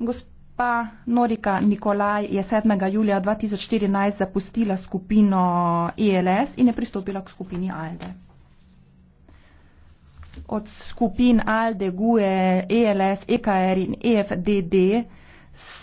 Gospa Norika Nikolaj je 7. julija 2014 zapustila skupino ELS in je pristopila k skupini ALDE. Od skupin ALDE, GUE, ELS, EKR in EFDD